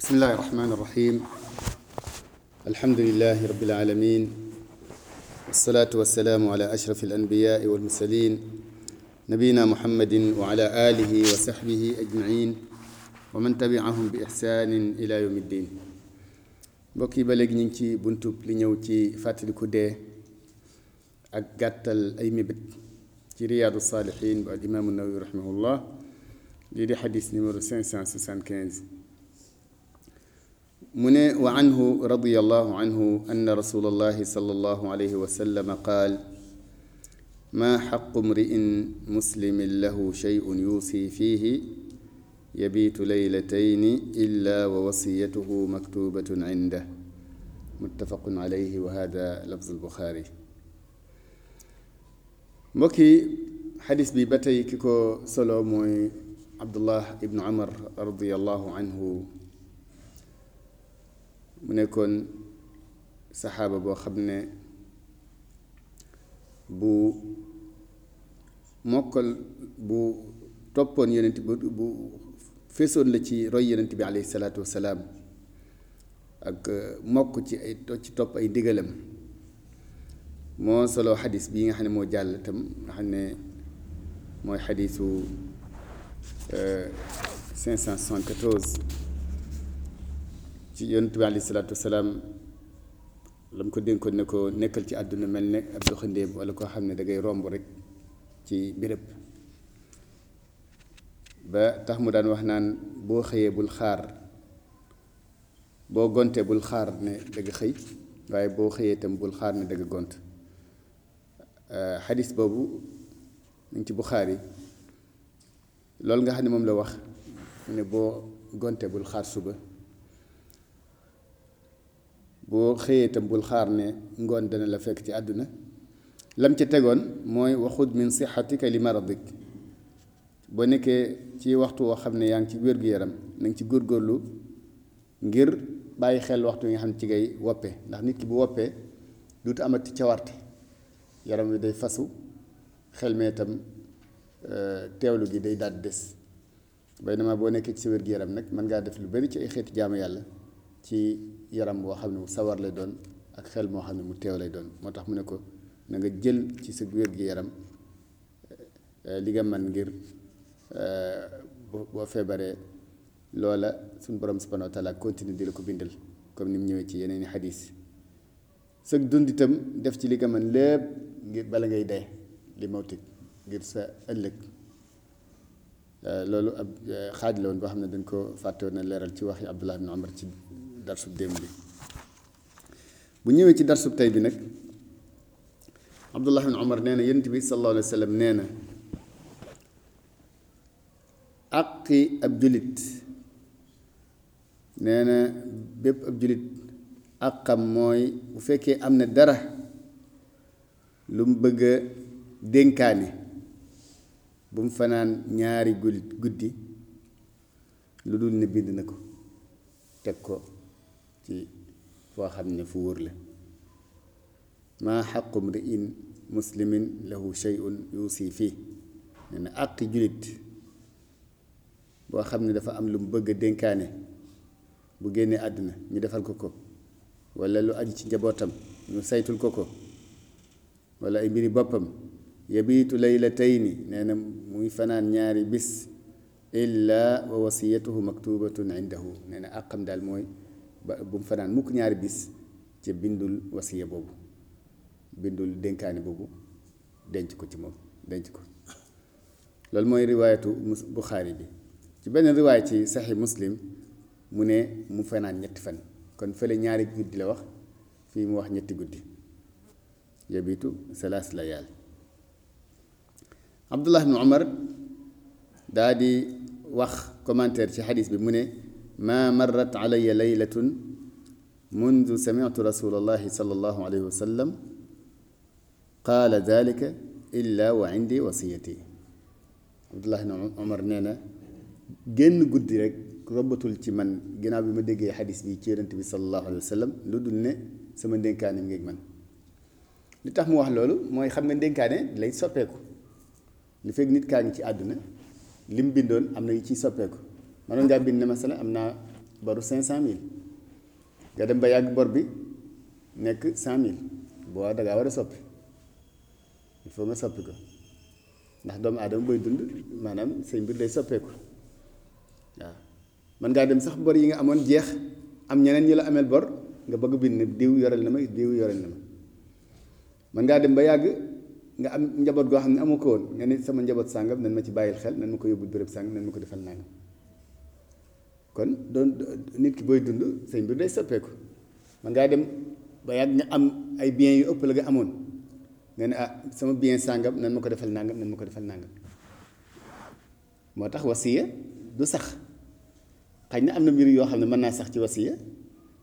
بسم الله الرحمن الرحيم الحمد لله رب العالمين والصلاة والسلام على أشرف الأنبياء والمرسلين نبينا محمد وعلى آله وصحبه أجمعين ومن تبعهم بإحسان إلى يوم الدين بوكي بلغ نينكي بنتوك لنيوكي فاتل ci أقاتل li ñëw في رياض الصالحين ak النووي رحمه الله لدي حديث saalixiin bu 575 من وعنه رضي الله عنه أن رسول الله صلى الله عليه وسلم قال ما حق امرئ مسلم له شيء يوصي فيه يبيت ليلتين إلا ووصيته مكتوبة عنده متفق عليه وهذا لفظ البخاري مكي حديث ببتي كيكو سولو عبد الله بن عمر رضي الله عنه mu nekkoon saxaaba boo xam ne bu mokkal bu toppoon yonent bu bu feesoon la ci roy yonent bi alayhi salaatu wasalaam ak mokk ci ay ci topp ay ndigalam moo solo xadis bi nga xam ne moo jàll tam nga xam ne mooy xadisu 574 ci yonent bi aleyhi salaatu wasalaam la mu ko dénkoon ne ko nekkal ci àdduna mel ne ab doxandéem wala koo xam ne da ngay romb rek ci béréb ba tax mu daan wax naan boo xëyee bul xaar boo gontee bul xaar ne danga xëy waaye boo xëyee itam bul xaar ne danga gont xadis boobu mu ngi ci Buxaari loolu nga xam ne moom la wax ne boo gontee bul xaar suba boo xëyee tam bul xaar ne ngoon dana la fekk ci àdduna lam ca tegoon mooy waxud min sixatika li maradik boo nekkee ci waxtu woo xam ne yaa ngi ci wér-gu-yaram na nga ci góorgóorlu ngir bàyyi xel waxtu yi nga xam ne ci ngay woppe ndax nit bu woppee duutu amati cawarte yaram wi day fasu xel mee tam euh, teewlu gi day daal des bay na ma boo nekkee ci sa wér-gu-yaram nag mën ngaa def lu bari ci ay xeeti jaamu yàlla ci yaram boo xam ne mu sawar lay doon ak xel moo xam ne mu teew lay doon moo tax mu ne ko na nga jël ci sa wér gi yaram li nga man ngir boo feebaree loola suñu borom subhanahu wa taala continue di la ko bindal comme ni mu ñëwee ci yeneen i xadis sëg dund itam def ci li nga mën lépp ngir bala ngay dee li mawtik ngir sa ëllëg loolu ab xaaj la woon boo xam ne dañ ko fàtte woon na leeral ci waxi Abdullah bin Umar ci darsub démb bi bu ñëwee ci darsub tey bi nag abdullah bin omar nee na yonent bi sallallahu alayhi wa sallam nee na àqi ab julit nee na bépp ab julit àqam mooy bu fekkee am na dara lu mu bëgg a dénkaane bu mu fanaan ñaari gulit guddi lu dul ne bind na ko teg ko ci foo xam ne fu wóor la maa xaqu mriin muslimin lahu sheyun yuusi fii nee na àq julit boo xam ne dafa am lu mu bëgg a dénkaane bu génnee àddina ñu defal ko ko wala lu aju ci njabootam ñu saytul ko ko wala ay mbiri boppam yabiitu laylatayni nee na muy fanaan ñaari bis illa wa wasiyatuhu maktubatun indahu nee na àqam daal mooy ba bu mu fanaan mukk ñaari bis ci bindul wasiya boobu bindul dénkaani boobu denc ko ci moom denc ko loolu mooy riwaayatu mus buxaari bi ci benn riwaay ci saxi muslim mu ne mu fanaan ñetti fan kon fële ñaari guddi la wax fii mu wax ñetti guddi yabitu salaas la yàlla abdullah ibnu omar daa di wax commentaire ci xadis bi mu ne ما مرت علي ليلة منذ سمعت رسول الله صلى الله عليه وسلم قال ذلك إلا وعندي وصيتي عبد الله بن عمر نانا جن قدرك ربط الجمن جنابي مدقى حديث بي كيرنت بي صلى الله عليه وسلم لدلنا سمن دين كان مجيك من لتحم واحد لولو ما من دين كان ليس سبيكو لفيق نيت كان يتي أدنى لم بندون أم نيتي سبيكو manoon nga bind ne masala amna baru 500000 cinq dem ba yag bor bi nek 100000 bo boo da ngaa war a soppi il faut nga soppi ko ndax doomu adam boy dund manam say mbir day ko wa man nga dem sax bor yi nga amone jeex am ñeneen ñi la amel bor nga bëgg bind diw yoral na ma diw yoral na ma man nga dem ba yag nga am njabot go xamni amuko won nga sama njabot sangam nan ma ci bayil xel nan ma ko yobul béréb sang nan ma ko defal nangam kon doon nit ki boy dund sa bi day soppeeku man ngaa dem ba yàgg am ay biens yu ëpp la nga amoon nga ne ah, sama bien sàngam nan ma ko defal nangam nan ma ko defal nangam moo wasiya du sax na am na mbir yoo xam ne mën naa sax ci wasiya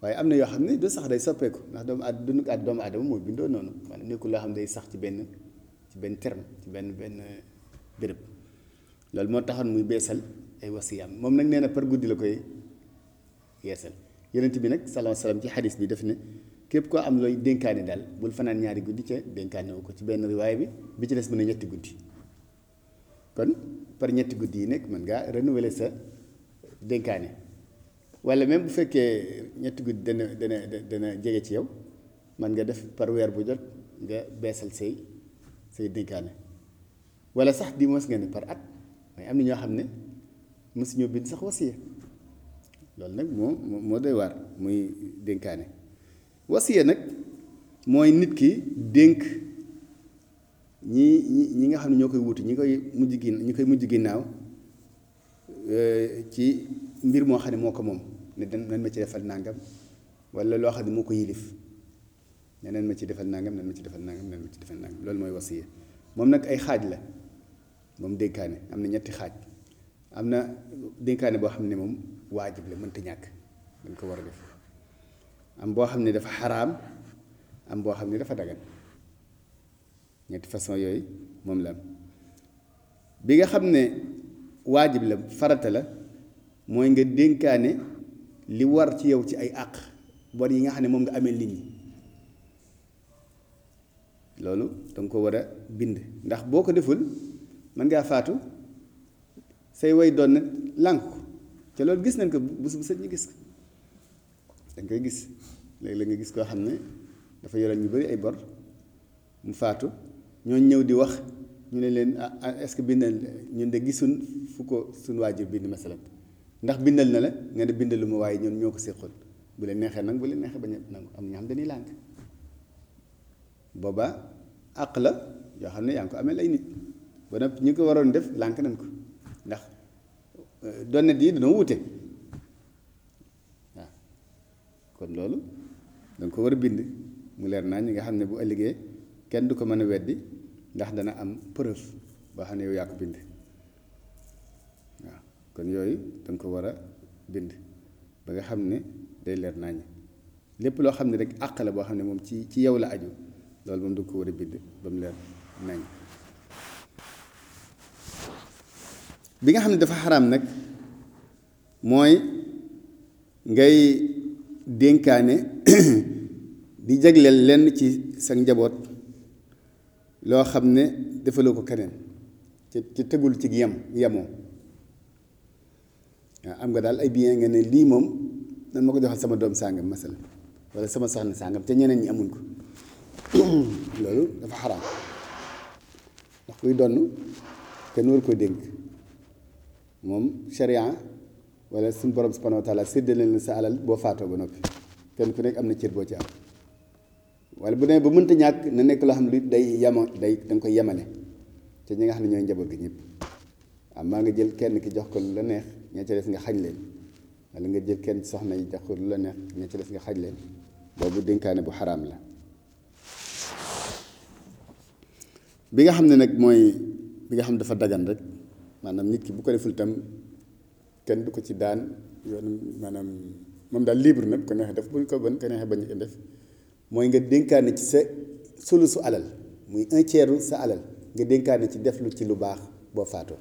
waaye am na yoo xam ne du sax day soppeeku ndax doomu ad dund at doomu adama mooy bindoo noonu maanaam nekkul loo xam day sax ci benn ci benn terme ci benn loolu moo taxoon muy beesal ay wasiyaam moom nag nee na par guddi la koy yeesal yonent bi nag sallallahu alayhi wasallam ci xadis bi def ne képp koo am looy dénkaane daal bul fanaan ñaari guddi ca dénkaane wu ko ci benn riwaay bi bi ci des mën a ñetti guddi kon par ñetti guddi yi nekk mën ngaa renouveler sa dénkaane wala même bu fekkee ñetti guddi dana dana dana jege ci yow mën nga def par weer bu jot nga beesal say say dénkaane wala sax di nga ne par at mais am na ñoo xam ne mësuñoo bind sax wasiya loolu nag moo moo doy waar muy dénkaane wasiya nag mooy nit ki dénk ñi ñi nga xam ne ñoo koy wuti ñi koy mujj gi ñi koy mujj ginnaaw euh, ci mbir moo xam ne moo ko moom ne dan nan ma ci defal nangam wala loo xam ne moo ko yilif ne nan ma ci defal nangam nan ma ci defal nangam nan ci defal nangam loolu mooy wasiya moom nag ay xaaj la moom dénkaane am na ñetti xaaj am na dénkaane boo xam ne moom waajib la mënta ñàkk dañ ko war a def am boo xam ne dafa xaraam am boo xam ne dafa dagan ñetti façon yooyu moom la am bi nga xam ne waajib la farata la mooy nga dénkaane li war ci yow ci ay àq bor yi nga xam ne moom nga amee nit ñi loolu danga ko war a bind ndax boo ko deful man ngaa faatu say way doon nag lànk te loolu gis nañ ko bu bu set ñu gis ko dañ koy gis léegi la nga gis koo xam ne dafa yoroon ñu bari ay bor mu faatu ñoo ñëw di wax ñu ne leen ah, ah, est-ce que bindal ñun de gisun fu ko sun waajur bind masalan ndax bindal na la nga ne bindalu ma waaye ñoom ñoo ko bu leen neexee nag bu leen neexee bañ a nangu am ñoo dañuy lànk boobaa àq la yoo xam ne yaa ngi ko amee lay nit ba ñi ko waroon def lànk nañ ko ndax euh, donnet yi dañoo wute waaw kon loolu danga ko war a bind mu leer naa ñi nga xam ne bu ëllëgee kenn du ko mën a weddi ndax dana am preuve boo xam ne yow yaa bind waaw kon yooyu danga ko war a bind ba nga xam ne day leer naa ñi lépp loo xam ne rek àq la boo xam ne moom ci ci yow la aju loolu moom du ko war a bind ba mu leer nañ bi nga xam ne dafa xaraam nag mooy ngay dénkaane di jagleel lenn ci sa njaboot loo xam ne defaloo ko keneen ci ci tegul ci yam yemoo am nga daal ay bien nga ne lii moom nan ma ko joxal sama doom sàngam masala wala sama soxna sàngam te ñeneen ñi amuñ ko loolu dafa xaraam ndax kuy donn kenn war koo dénk moom sharia wala sun borom subhanahu wa taala séddale na sa alal boo faatoo ba noppi kenn ku nekk am na cër boo ci am wala bu demee bu mënta ñàkk na nekk loo xam lu day yama day da koy yemale te ñi nga xam ne gi ñëpp am maa nga jël kenn ki jox ko la neex ca des nga xañ leen wala nga jël kenn soxna yi jox ko lu la neex ca des nga xañ leen boobu bu xaraam la bi nga bi nga xam dafa maanaam nit ki bu ko deful itam kenn du ko ci daan yoon maanaam moom daal libre na ko neexee def bu ko bën ko neexee bañ ko def mooy nga dénkaane ci sa sulusu alal muy un sa alal nga dénkaane ci def lu ci lu baax boo faatoo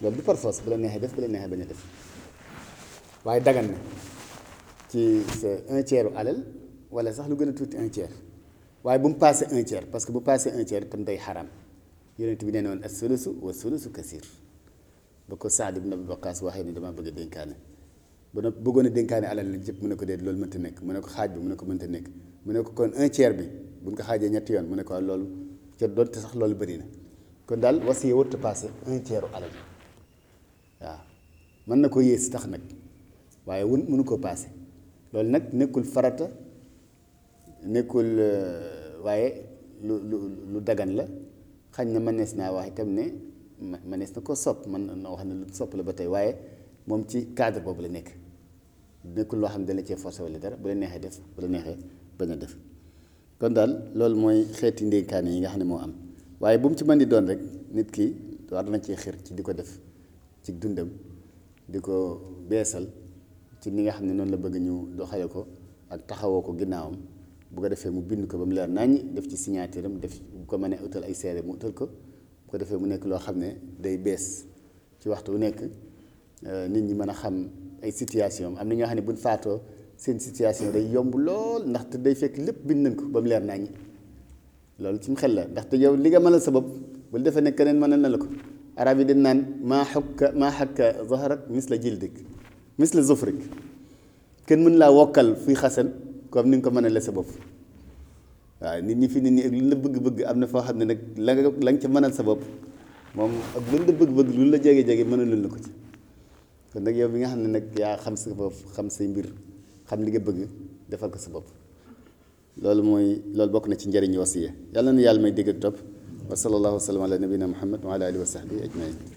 loolu du par bu la neexee def bu la neexee bañ def waaye dagan na ci sa un tiers alal wala sax lu gën a tuuti un tiers waaye bu mu passé un parce que bu passé un tiers itam day xaram yonent bi nee na woon as sulusu wa sulusu kasir ba ko Saad ibn Abi Waqaas waxee ni dama bëgg a dénkaane ba nag bëggoon a dénkaane alal la jëpp mu ne ko déet loolu mënta nekk mu ne ko xaaj bi mu ne ko mënta nekk mu ne ko kon un tiers bi bu ñu ko xaajee ñetti yoon mu ne ko waaw loolu ca doonte sax loolu bëri na kon daal wasiya warut a passé un tiers u alal waaw mën na ko yées tax nag waaye wun mënu ko passé loolu nag nekkul farata nekkul waaye lu lu lu dagan la xañ na mënees naa wax itam ne manees na koo sopp mën na wax ne lu sopp la ba tey waaye moom ci cadre boobu la nekk nekkul loo xam ne dana cee forcé wala dara bu la neexee def bu la neexee bañ a def kon daal loolu mooy xeeti ndénkaane yi nga xam ne moo am waaye bu mu ci man di doon rek nit ki war na cee xir ci di ko def ci dundam di ko beesal ci ni nga xam ne noonu la bëgg ñu doxale ko ak taxawoo ko ginnaawam bu ko defee mu bind ko ba mu leer naññ def ci signature am def bu ko mënee utal ay seede mu utal ko bu ko defee mu nekk loo xam ne day bees ci waxtu wu nekk nit ñi mën a xam ay situation am na ñoo xam ne buñ faatoo seen situation day yomb lool ndaxte day fekk lépp bind nañ ko ba mu leer naññ loolu ci mu xel la ndaxte yow li nga mënal sa bopp bul defee ne keneen mënal na la ko arab yi dañ naan maa xokka maa xakka zaharak misla jildik misla zufrik kenn mën laa wokkal fuy xasan comme ni nga ko mën a sa bopp waaw nit ñi fi nit ñi ak lu la bëgg-bëgg am na foo xam ne nag la nga la nga ci mënal sa bopp moom ak lu la bëgg-bëgg lu la jege-jege mënalul la ko ci kon nag yow bi nga xam ne nag yaa xam sa bopp xam say mbir xam li nga bëgg defal ko sa bopp loolu mooy loolu bokk na ci njëriñ wasiya yàlla na yàlla may dégg ak topp wa sallallahu wa sallam ala nabina muhammad wa ala alihi wa sahbihi ajmain